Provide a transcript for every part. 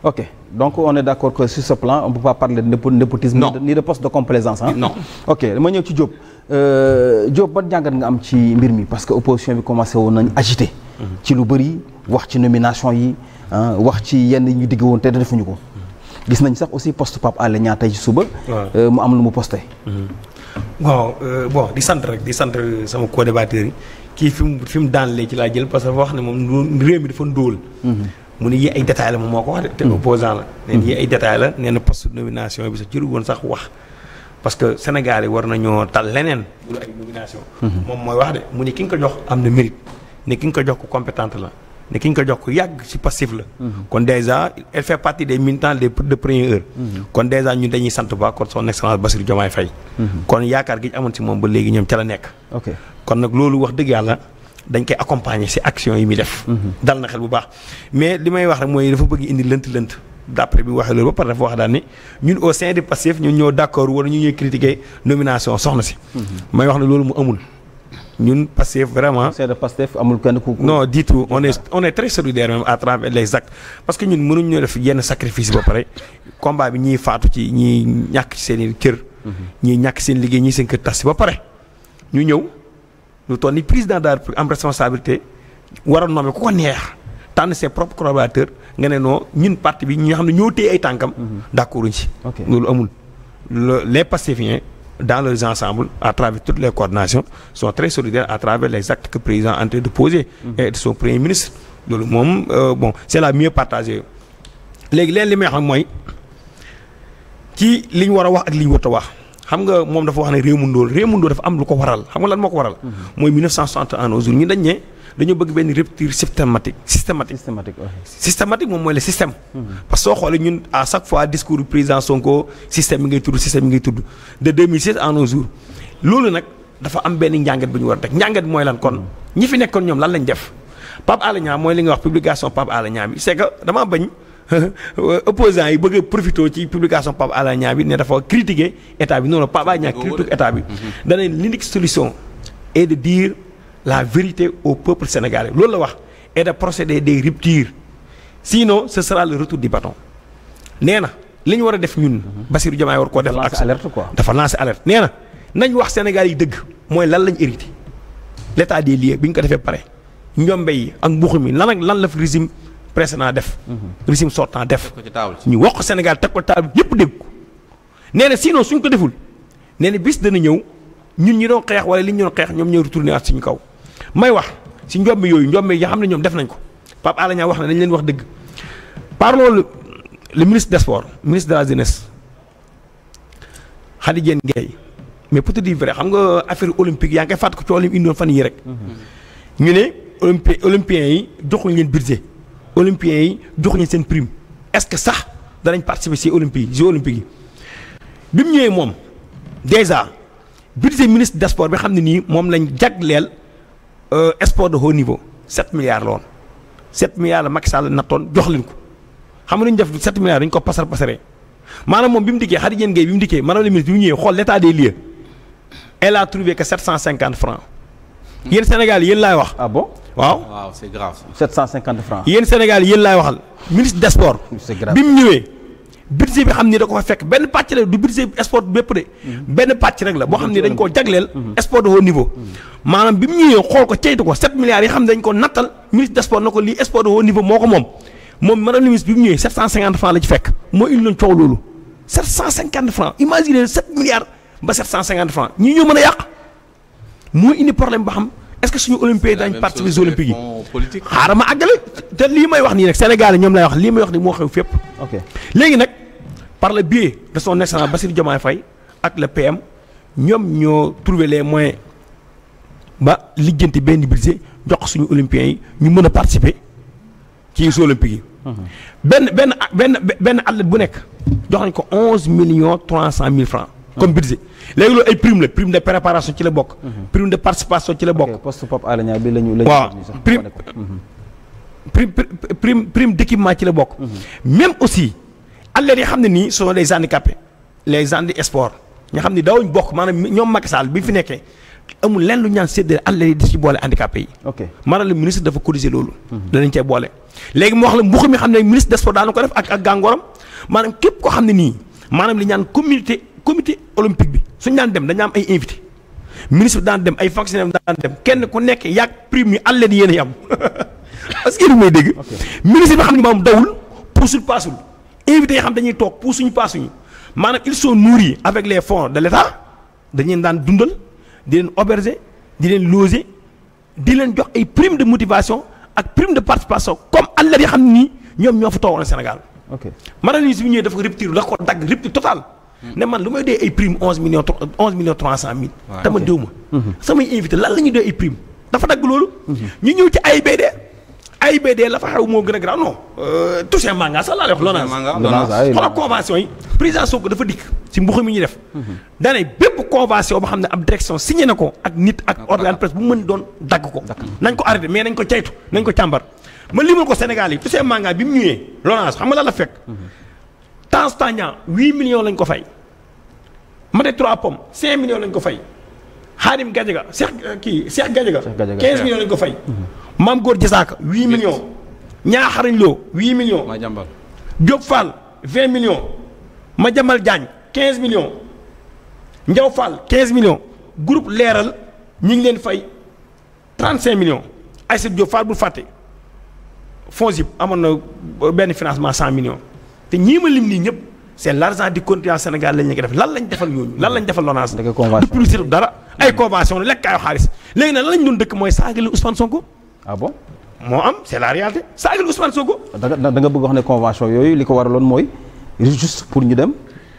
ok donc on est d' accord que sur ce plan on ne peut pas parler de népotisme. non ni de poste de complaisance ah. non ok dama ñëw ci Diop. Euh, Diop ban jàngat nga am ci mbir mi parce que opposition bi commencé woon nañ agité. Mhm. ci lu bëri wax ci nomination yi wax ci yenn ñu digg woon te defuñu ko. Mhm. gis nañ sax aussi poste Pape Alé Niang tey ci suba. Euh, mu am lu mu posté. Mhm. bon euh, bon di sant rek di sant sama co-débatteur yi kii fi mu fi mu daanlee ci laa jël parce que wax ne moom réew mi dafa ndóol. mu ne yi ay détails la moom moo ko wax de te hmm. opposant la hmm. neen yi ay détails la nee na nomination bi sax jëru woon sax wax parce que Sénégal yi war nañoo tal leneen lu hmm. moom mooy wax de mu ne ki nga ko jox am na mérite ne ki nga ko jox ko compétente la ne ki nga ko jox ko yàgg ci passif la kon déjà elle fait partie des militants des de première heure kon déjà ñun dañuy sant ba kon son excellence Bassirou Diomaye Faye kon yaakaar gi amoon si moom ba léegi ñoom ca la nekk kon nag loolu wax dëgg yàlla dañ koy accompagner si action yi muy def. Mhm. dal na xel bu baax mais li may wax rek mooy dafa bëgg indi lënt-lënt. d'après bi waxee loolu ba pare dafa wax daal ni ñun au sein du Pastef ñun ñoo d'accord wala ñu ñuy critiquer nomination mhm. loolu mu amul. ñun Pastef vraiment. c'est de Pastef amul kenn ku. non du tout on est on est très solidaire même à travers les actes parce que ñun mënuñu def yenn sacrifice ba pare combat bi ñiy faatu ci ñiy ñàkk ci seen i cër. Mhm. ñiy ñàkk seen liggéey ñii seen kër tas si ba pare ñu ñëw. lu ni président de la République am responsabilité war a nommer ku ko neex tànn ses propres collaborateurs nga ne noo ñun parti bi ñi nga xam ne ñoo téye ay tànkam. Mhm. d'accord uñ si. loolu amul les pacifiens dans le ensembles à travers toutes les coordinations sont très solidaires à travers les actes que président est de poser. Mhm. et de son premier ministre. loolu moom euh, bon c'est la mieux partagée léegi leen li may xam mooy ci li ñu war a wax ak li ñu a wax. xam nga moom dafa wax ne réew mu ndóol réew mu ndóol dafa am lu ko waral xam nga lan moo ko waral. Mhm. mooy 1961 au jour ne dañoo bëgg benn rupture systématique systématique. systématique moom mooy le système. Mhm. parce soo xoolee ñun à chaque fois discours du président Sonko système bi ngay tudd système bi ngay tudd de 2016 à loolu nag dafa am benn njàngat bu ñu war a teg njàngat mooy lan kon mhm. ñi fi nekkoon ñoom lan lañ def Pape Alé Niang mooy li nga wax publication Pape Alé Niang bi Euh, opposants yi bëgg a profité ci publication Pape Alé Niang bi ne dafa critiquer état bi non non Pape Alé Niang critique état bi. Mhm. danañ l'unique solution est de dire la vérité au peuple sénégalais loolu la wax et de procéder des ruptures sinon ce sera le retour du bâton nee na li ñu war a def ñun. Mhm. Bassirou Diomaye war koo def. dafa lancer alerte quoi dafa lancer alerte nee na nañ wax Sénégal yi dëgg mooy lan lañ hérité l'état des lieux bi ñu ko defee pare njombe yi ak mbuxu mi lan lan la fi président def. Mhm. régime sortant def. ñu wax ko Sénégal teg ko taal yëpp dégg ko nee na sinon suñ ko deful nee na bis dana ñëw ñun ñu doon xeex wala li ñu doon xeex ñoom ñooy retourné at suñu kaw. may wax si njombe yooyu njombe yi yaa xam ne ñoom def nañ ko Pape Alé Niang wax na dañ leen wax dëgg par loolu le ministre des sports ministre de la jeunesse Khady Diène Gaye mais pour te dire xam nga affaire olympique yaa ngi koy fàttali ko ci olympique indoon fan yii rek. Mhm. ñu ne olympi olympiens yi joxuñ leen budget olympiens yi jox ñu seen prime est-ce que sax danañ participer ci olympique jeux olympiques yi bi mu ñëwee moom déjà budget ministre des bi xam ne nii moom lañ jagleel euh, sport de haut niveau 7 milliards la woon 7 milliards la Macky Sall nattoon jox leen ko xam nga ñu def 7 milliards dañ ko pasar pasaree maanaam moom bi mu dikkee Khady Diène Gaye bi mu dikkee maanaam le ministre bi mu ñëwee xool l'état des lieux elle a trouvé que 750 francs Sénégal yéen laay wax. ah bon waaw waaw c'est grave. 750 francs. yéen Sénégal yéen laay waxal ministre des bi mu ñëwee. budget bi xam ni da ko fa fekk benn pàcc la du budget sport bépp de. Mhm. benn pàcc rek la boo xam ne dañ koo jagleel. Mhm. sport de haut niveau. Mhm. maanaam bi mu ñëwee xool ko ceytu ko 7 milliards yi xam ne dañ ko nattal ministre des na ko lii sport de haut niveau moo ko moom moom madame la ministre bi mu ñëwee 750 francs la ci fekk. moo indi loon coow loolu 750 francs imaginez 7 milliards ba 750 francs ñii ñoo mën a indi problème ba xam. est-ce que suñu olympique dañ participer aux olympiques yi xaaral ma àggale te lii may wax nii nag Sénégal ñoom lay wax lii may wax ni moo xew fépp léegi nag par le biais de son excellence Bassirou Diomaye fay ak le PM ñoom ñoo trouver les moyens ba lijjanti benn budget jox suñu olympiens yi ñu mën a participer ci jeux olympiques yi mhm. benn benn benn benn athlète bu nekk jox nañ ko onze millions trois cent mille francs comme budget léegi loolu ay prime la prime de préparation ci la bokk. Mhm. prime de participation ci la bokk. ok poste Pape Alé Niang bi la ñu la mhm. bokk. Mhm. même aussi athlètes yi xam ne nii ce sont les handicapés sport nga xam ne daawuñ bokk maanaam ñoom Macky Sall bi fi nekkee amul lenn lu ñaan séddale athlètes yi di ci boole handicapés yi. ok maanaam le ministre dafa corriger loolu. danañ cee boole. léegi mu wax la mbuq xam ne ministre des sports daan ko def ak ak gàngooram maanaam képp koo xam ne nii maanaam li ñaan comité olympique bi suñ daan dem dañu am ay invité ministre bi daan dem ay fonctionnaire bi daan dem kenn ku nekk yàgg prime yi àll leen yéen a am parce que yéen may dégg. ministre bi xam ne maam dawul puusul paasul invité yi xam dañuy toog puusuñu paasuñu maanaam ils sont nourris avec les fonds de l' état dañu daan dundal di leen auberger di leen loger di leen jox ay prime de motivation ak prime de participation comme àll yi xam ni ñoom ñoo fa toogoon Sénégal. ok maanaam ministre bi ñëwee dafa rupture la ko ne man lu may dee ay prime onze millions onze millions trois cent mille te man déw ma mhm. samay invité lan la ñuy dee ay prime dafa dagg loolu mhm. ñu ñëw ci AIBD AIBD la fa xew moo gën a grand non euh, touché manga sax laa lay wax LONASE ah, xoolal convention yi président Sonko dafa dikk si mbuxu mi ñu def mhm. dane bépp convention boo xam ne ab direction signé na ko ak nit ak organe presse bu mën doon dagg ko nañ ko arrêté mais nañ ko caytu nañ ko càmbar ma limal ko Sénégal yi touché manga bi mu ñëwee LONASE xam nga la la fekk Tange Tandian 8 millions lañ ko fay Maté 3 Pommes 5 millions lañ ko fay Xaadim Gadiaga Cheikh euh, kii Cheikh Gadiaga ko fay mhm. Maam Góor Jasaaka 8 millions Ñaaxariñ Lo 8 millions Madiambal Diop Fall 20 millions Madiambal Diagne 15 millions Ndiaw Fall 15 millions leeral ñi ngi leen fay 35 millions Aïssatou Diop Fall bul fàtte Fongib amoon na benn financement 100 millions te ñii ma lim nii ñëpp c'est l'argent du contribuable Sénégal lañ ngi def lan lañu defal ñooñu lan lañ defal LONASE du publicité dara ay convention lu lekk ay xaalis léegi nag lan lañ doon dëkk mooy saagali Ousmane Sonko ah bon moo am la réalité saagali Ousmane Sonko da nga bëgg wax ne convention yooyu li ko war mooy juste pour ñu dem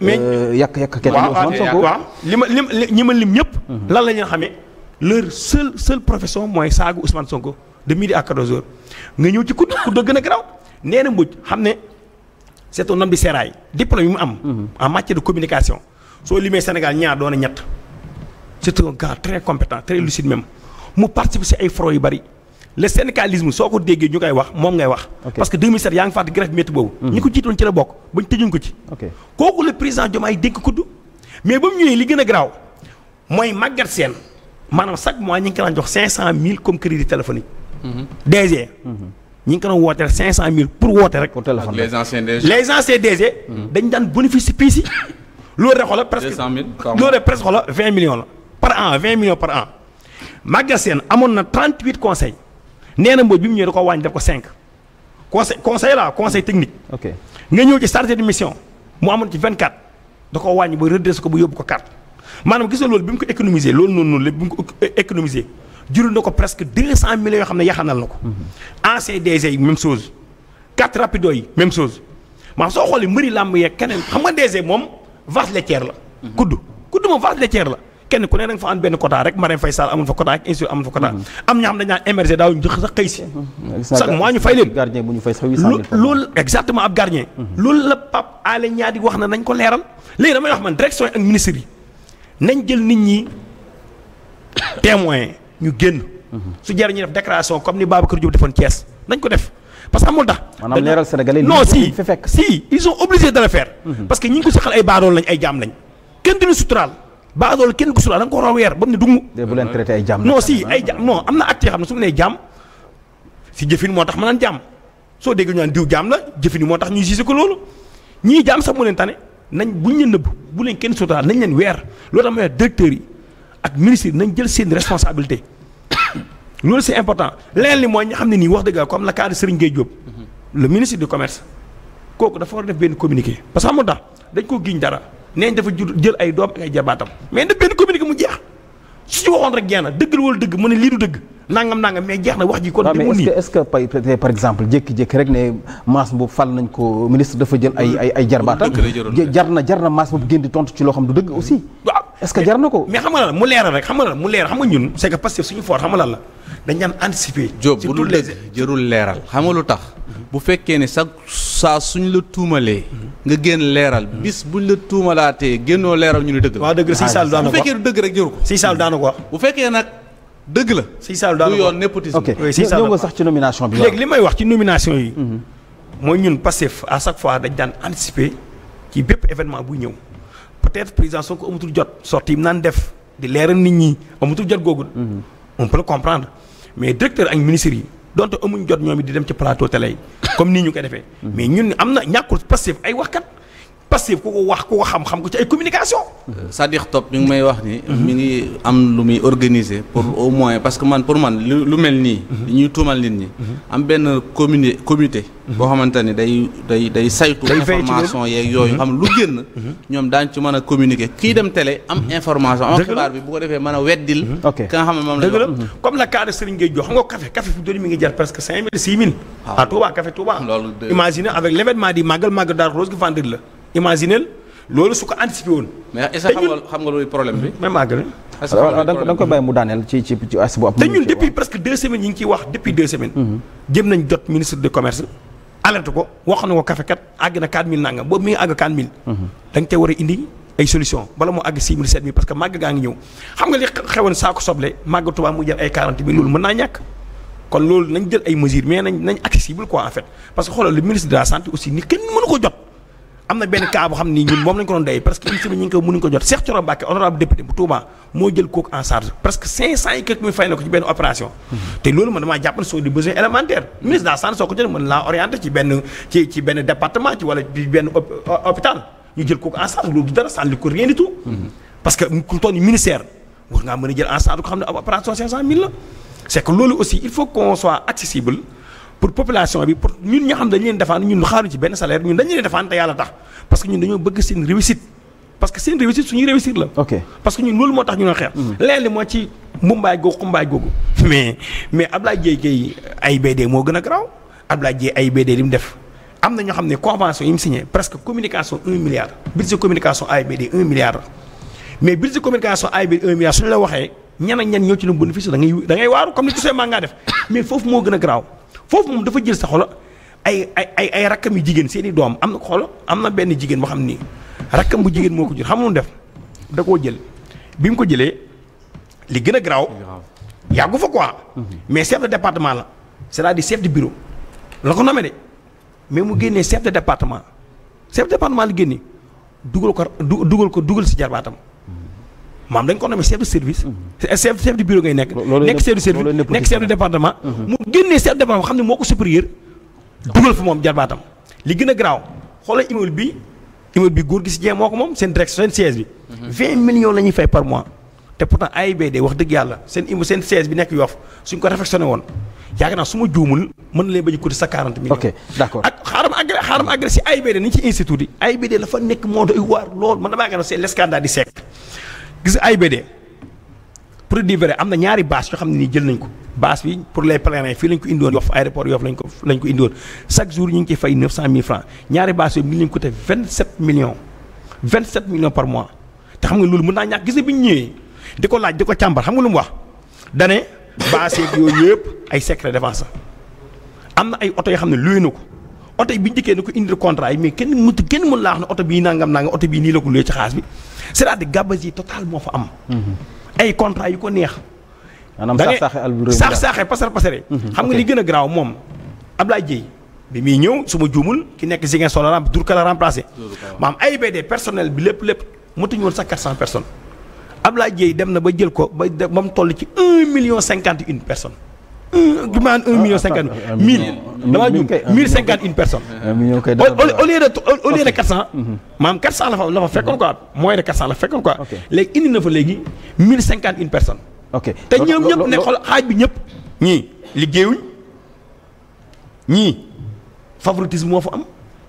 mais euh, yàq yàq kenn Ousmane Sonko li ma lim ñi ma lim ñëpp lan la ñu xamee leur seul seule profession mooy saagu Ousmane Sonko de midi à 14 heures nga ñëw ci ku ku dëgg na garaaw nee na mbuj xam ne c'est un homme de sérail diplôme yi mu am. Mhm. en matière de communication soo limee Sénégal ñaar doon na ñett c'est un gars très compétent très lucide même mu participe ay foro yu bari le syndicalisme soo ko déggee ñu koy wax moom ngay wax. parce que 2007 yaa ngi fàttali grève métti boobu. Mhm. ñi ko jiitoon ci la bokk bañ tëjuñ ko ci. kooku le président Diomaye dénk kudd mais ba mu ñëwee li gën a garaaw mooy màggat seen maanaam chaque mois ñu ngi ko daan jox 500000 comme crédit téléphonique. Mhm. ñi ngi ko doon wooteel 500000 pour woote rek. pour téléphone les anciens DG. les anciens DG. Hmm. dañ daan bénéfice piis yi. loolu rek xoolal presque 200000 loolu rek presque xoolal 20 millions la par an par an. Maguette amoon na 38 conseils nee na Mbodj bi mu ñëwee da koo wàññi def ko cinq conseil conseil la conseil technique. ok nga ñëw ci chargé de mission mu amoon ci 24 da koo wàññi ba redressé ko ba yóbbu ko 4 maanaam gis nga loolu bi mu ko économiser loolu noonu noonu lépp bi mu ko économiser. jurul na ko presque deux cent millions yoo xam ne yaxanal na ko. ancien DG yi même chose. quatre rapido yi même chose maanaam soo xoolee mbëri làmb yee keneen xam nga DG moom vache laitière la. kudd kudd moom vache laitière la. kenn ku ne da nga fa am benn quota rek Marème Faye Sall amul fa quota ak institut amul fa quota. Mm-hmm. am ñoo xam ne dañu naan émerger daaw ñu sax xëy si. Mm-hmm. chaque mois ñu fay leen gardien bu mm-hmm. la Pape Alé Niang wax na nañ ko leeral. léegi damay wax man direction ak ministre yi nañ jël nit ñi témoin ñu génn. su jar ñu def déclaration comme ni Babacar Diop defoon Thiès nañ ko def parce que amul tax. maanaam leeral sénégalais non si si ils sont obligés de le mhm. parce que ñi ngi ko saxal ay baadool lañ ay jaam lañ kenn duñu suturaal. baadool kenn ku suturaal da ko war weer ba mu ne dugg. leen traité ay jaam non si ay jaam non am na at xam ne su ma nee jaam si jëfin moo tax ma naan jaam soo dégg ñu naan diw jaam la jëfin moo tax ñu gisé ko loolu ñii jaam sax moo leen tane nañ buñ leen bu leen kenn suturaal nañ leen weer loolu directeur yi ak ministre nañ jël seen responsabilité loolu c'est important leneen li mooy ñu xam ne nii wax dëgg comme la cas de Serigne Gueye Diop le ministre du commerce kooku dafa war def benn communiqué parce que xam nga dañ ko giñ dara neeñ dafa jël ay doom ay jabaatam mais def benn communiqué mu jeex su ci waxoon rek jeex na dëgg la wala dëgg mu ne lii du dëgg nangam nangam mais jeex na wax ji kon. demul nii est-ce par exemple jékki-jékki rek ne maas boobu est-ce que jar na ko mais xam nga lan mu leeral rek xam nga mu leeral xam nga ñun c'est que Pastef suñu fort xam nga lan la dañ daan anticiper. Diop bu dul dëgg jërul leeral xam nga lu tax bu fekkee ne sax saa suñu la tuumalee nga génn leeral bis bu buñ la tuumalaatee génnoo leeral ñu ne dëgg la waaw dëgg la Sëñ Sall daana ko bu fekkee du dëgg rek jëru ko Sëñ Sall wax bu fekkee nag dëgg la Sëñ Sall daana ko yoon népotisme ok ñëw nga sax ci bi léegi li may wax ci nomination yi mhm. mooy ñun Pastef à chaque fois dañ daan anticiper ci bépp événement buy ñëw peut-être président Sonko amatul jot sorti yi mu naan def di leeral nit ñi amatul jot googu. Mm-hmm. on peut comprendre mais directeur ak ministre yi donte amuñ jot ñoom it di dem ci plateau télé yi comme nii ñu ko defee. Mm-hmm. mais ñun am na ñàkkul passif ay wax waxkat. Pastef ku ko wax ku ko xam-xam ko ci ay communication. cest à topp mi ngi wax ni. mi ngi am lu muy organiser. pour mhm. au moins parce que man pour man lu mel nii. Mhm. ñuy tuumal nit ñi. Mhm. am benn communé comité. boo xamante ni day day day saytu. information yeeg yooyu xam lu génn. ñoom daañu ci mën a communiquer kii dem télé am information. am xibaar bi bu defee mën a weddil. ka nga xam ne moom comme la cas de Serigne Gueye jox xam nga café café fu doon mi ngi jar presque imaginel loolu su ko anticipé woon. da te ñun depuis presque deux semaines yi ngi ciy wax depuis deux semaines. Mhm. jëm nañ jot ministre de commerce. alerte ko wax na ko kafe àgg na 4000 nangam boobu mi àgg 4000. Mhm. da nga war a indi ay solution bala moo àgg 6000 7000 parce que màgg gaa ngi ñëw xam nga li xewoon saako soble màgg Tuubaa mu jël ay 40 000 loolu mën naa ñàkk. kon loolu nañ jël ay mesures mais nañ nañ accessible quoi en fait am na benn cas boo xam ni ñun moom lañ ko doon doy presque une semaine ñu ngi ko mënuñ ko jot Cheikh Thioro Mbacké honorable député bu Touba moo jël kooku en charge presque cinq cent et na ko ci benn ne laa orienté ci benn ci ci benn ci benn hôpital ñu jël kooku en charge loolu du dara sànni ko rien parce que ku toll ni ministère war ngaa mën a jël en charge ko xam ne opération cinq cent mille la c'est que loolu aussi il faut qu'on soit pour population bi pour ñun ñoo xam dañu leen defaan ñun xaaruñ ci benn salaire ñun dañu leen defaan te yàlla tax parce que ñun dañoo bëgg seen réussite parce que seen réussite suñuy réussir la. ok parce ñun loolu moo tax ñu doon xeex. Mm-hmm. leneen li moo ci mbumbaay googu xumbaay googu. mais mais Abdoulaye Dieye kay AIBD moo gën a garaaw Abdoulaye ay AIBD li mu def am na ñoo xam ne convention yi mu signé presque communication 1 milliard. budget communication AIBD 1 milliard milliard waxee ñan ak ñoo ci doon bénéfice ngay da ngay waaru comme ni foofu moo gën a foofu moom dafa jël sa xolo ay ay ay ay rakkam yu jigéen seen i doom am na xolo am na benn jigéen boo xam ni rakkam bu jigéen moo ko jur xam lu def da koo jël bi mu ko jëlee li gën a garaaw yàggu fa ko quoi mhm. mais chef de département la cest di dire de bureau la ko nommé de mais mu génnee chef de département chef de la génne dugal ko dugal ko dugal si jarbaatam maam dañ ko nommé chef de service. Mm-hmm. chef chef de bureau ngay nekk. nekk chef de service nekk chef de département. Mm-hmm. mu génnee chef de département mm-hmm. moom jarbaatam li gën a garaaw xoolal immeuble bi immeuble bi góor gi si jeex moo ko moom seen direction seen siège bi. fay par mois. te pourtant AIBD wax dëgg yàlla seen immeuble seen siège bi nekk Yoff suñ ko réfectionné woon yaakaar naa su ma juumul mën na leen bañ a coûter sa 40 millions. ok d'accord ak xaaral ma agré xaaral ma agré si AIBD ni ci institut yi. AIBD dafa nekk moo doy waar lool man damaa yaakaar ne gis AIBD pour dire vrai am na ñaari bâche yoo xam ne nii jël nañ ko bâche bi pour les pèlerins fii lañ ko indiwoon Yoff aéroport Yoff lañ ko lañ ko indiwoon chaque jour ñu ngi ciy fay 900000 francs ñaari bâche yooyu mi ngi leen coûté 27 millions 27 millions par mois te xam nga loolu mën naa ñàkk gis nga bi ñu ñëwee di ko laaj di ko càmbar xam nga lu mu wax dane bâche yeeg yooyu yëpp ay secret défense am na ay oto yoo xam ne luy na ko. oto yi bi ñu dikkee ne ko indil contrat yi mais kenn mënut kenn mën laa wax oto bii nangam nangam oto bii nii la ko luyee ci xaas bi c'est-à-dire gabegie moo fa am. Mm-hmm. ay contrat yu ko neex. maanaam saax saaxe albu saax saaxe pasar pasare. Mm-hmm. xam nga li gën a garaaw moom Ablaye Dieye bi muy ñëw su ma juumul ki nekk Ziguinchor la dur ka la remplacé. maam AIBD personnel bi lépp lépp mënatuñu woon sax 400 personnes Ablaye Dieye dem na ba jël ko ba ba mu toll ci 1 million 51 personnes. Euh, un du ah, maan ah, ah, un million cinquante mille. damaa juum mille cinquante une personne. au lieu de au lieu de quatre cent. Mm-hmm. maanaam quatre cent la fa la fa fekkoon quoi mm-hmm. moins de quatre cent la fekkoon quoi. léegi indi na fa léegi mille cinquante une personne. ok te ñoom ñëpp ne xool xaaj bi ñëpp. ñii liggéeyuñ ñii favoritisme moo fa am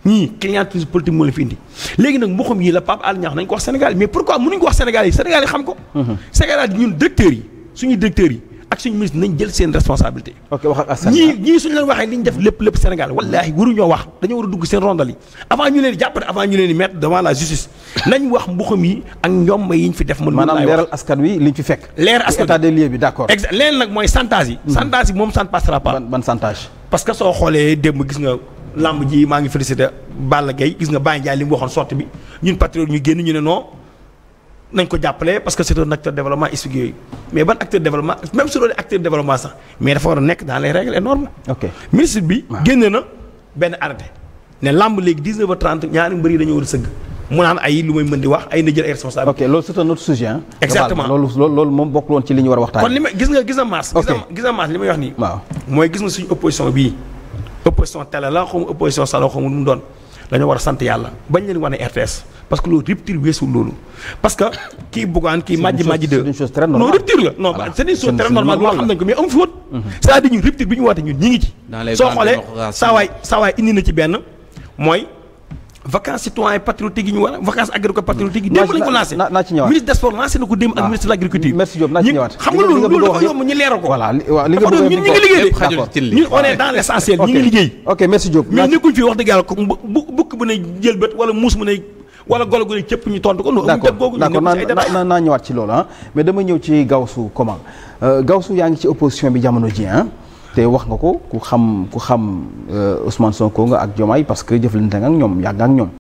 ñii clientélisme politique moo la fi indi léegi nag mboqam yi la Pape Alé Niang nañ ko wax Sénégal mais pourquoi mënuñ ko wax Sénégal yi Sénégal yi xam ko. Mm-hmm. Sénégal yi ñun directeurs yi suñuy directeurs yi. ak suñu ministre nañ jël seen responsabilité. ok wax ak askan ñii ñii suñu leen waxee li def lépp lépp Sénégal wallaahi waruñoo wax dañoo war a dugg seen rondal yi avant ñu leen di jàppale avant ñu leen di mettre devant la justice nañ wax mbuxum yi ak ñoom yi ñu fi def. mën naa maanaam leeral askan wi li ñu fi fekk. leeral askan état des lieux bi d' accord. exact leen nag mooy chantage yi. Mhm. chantage yi moom ça ne passera pas. ban ban chantage. parce que soo xoolee démb gis nga. lamb ji maa ngi félicité gis nga Baye Ndiaye li mu waxoon sorte ñu génn ñu nañ ko jàppale parce que c'est un acteur développement ISPIG yooyu mais ban acteur développement même su doon acteur développement sax mais dafa war a nekk dans les règles et normes. ok ministre bi. génne na benn arrêté. ne làmb léegi 19h30 ñaari mbër dañoo war a sëgg. mu naan ay lu may mën di wax ay na jël ay responsable. ok loolu c'est un autre sujet hein. exactement loolu loolu moom bokkul woon ci li war a waxtaan. kon li ma gis nga gis na mu doon. dañoo war a sant yàlla bañ leen wane RTS parce que loolu rupture weesul loolu parce que kii Bougane kii Madji Madji de non rupture la non c'est une chose très normale loolu xam nañ ko mais am fóot mm-hmm. c'est-à-dire ñun bi ñu woote ñun ñi ngi ci soo xoolee saawaay saawaay indi na ci benn mooy vacances citoyen patriotique yi ñu war a vacances agricole patriotique yi démb lañu ko lancé naa ci ñëwaat ministre des sports lancé na ko démb ak ministre de l'agriculture merci Diop naa ci ñëwaat xam nga loolu loolu dafa yomb ñu leeral ko ñu ngi wax dëgg yàlla ko bu ne jël bët muus mu ne wala golo gu cëpp ñu tontu ko noonu d'accord d'accord naa naa ñëwaat ci loolu ah mais dama ñëw ci Gaoussou Koma euh, Gaoussou yaa ngi ci opposition bi jamono ji ah. te wax nga ko ku xam ku xam euh, Ousmane Sonko nga ak Diomaye parce que jëflante nga ak ñoom yàgg nga ak ñoom.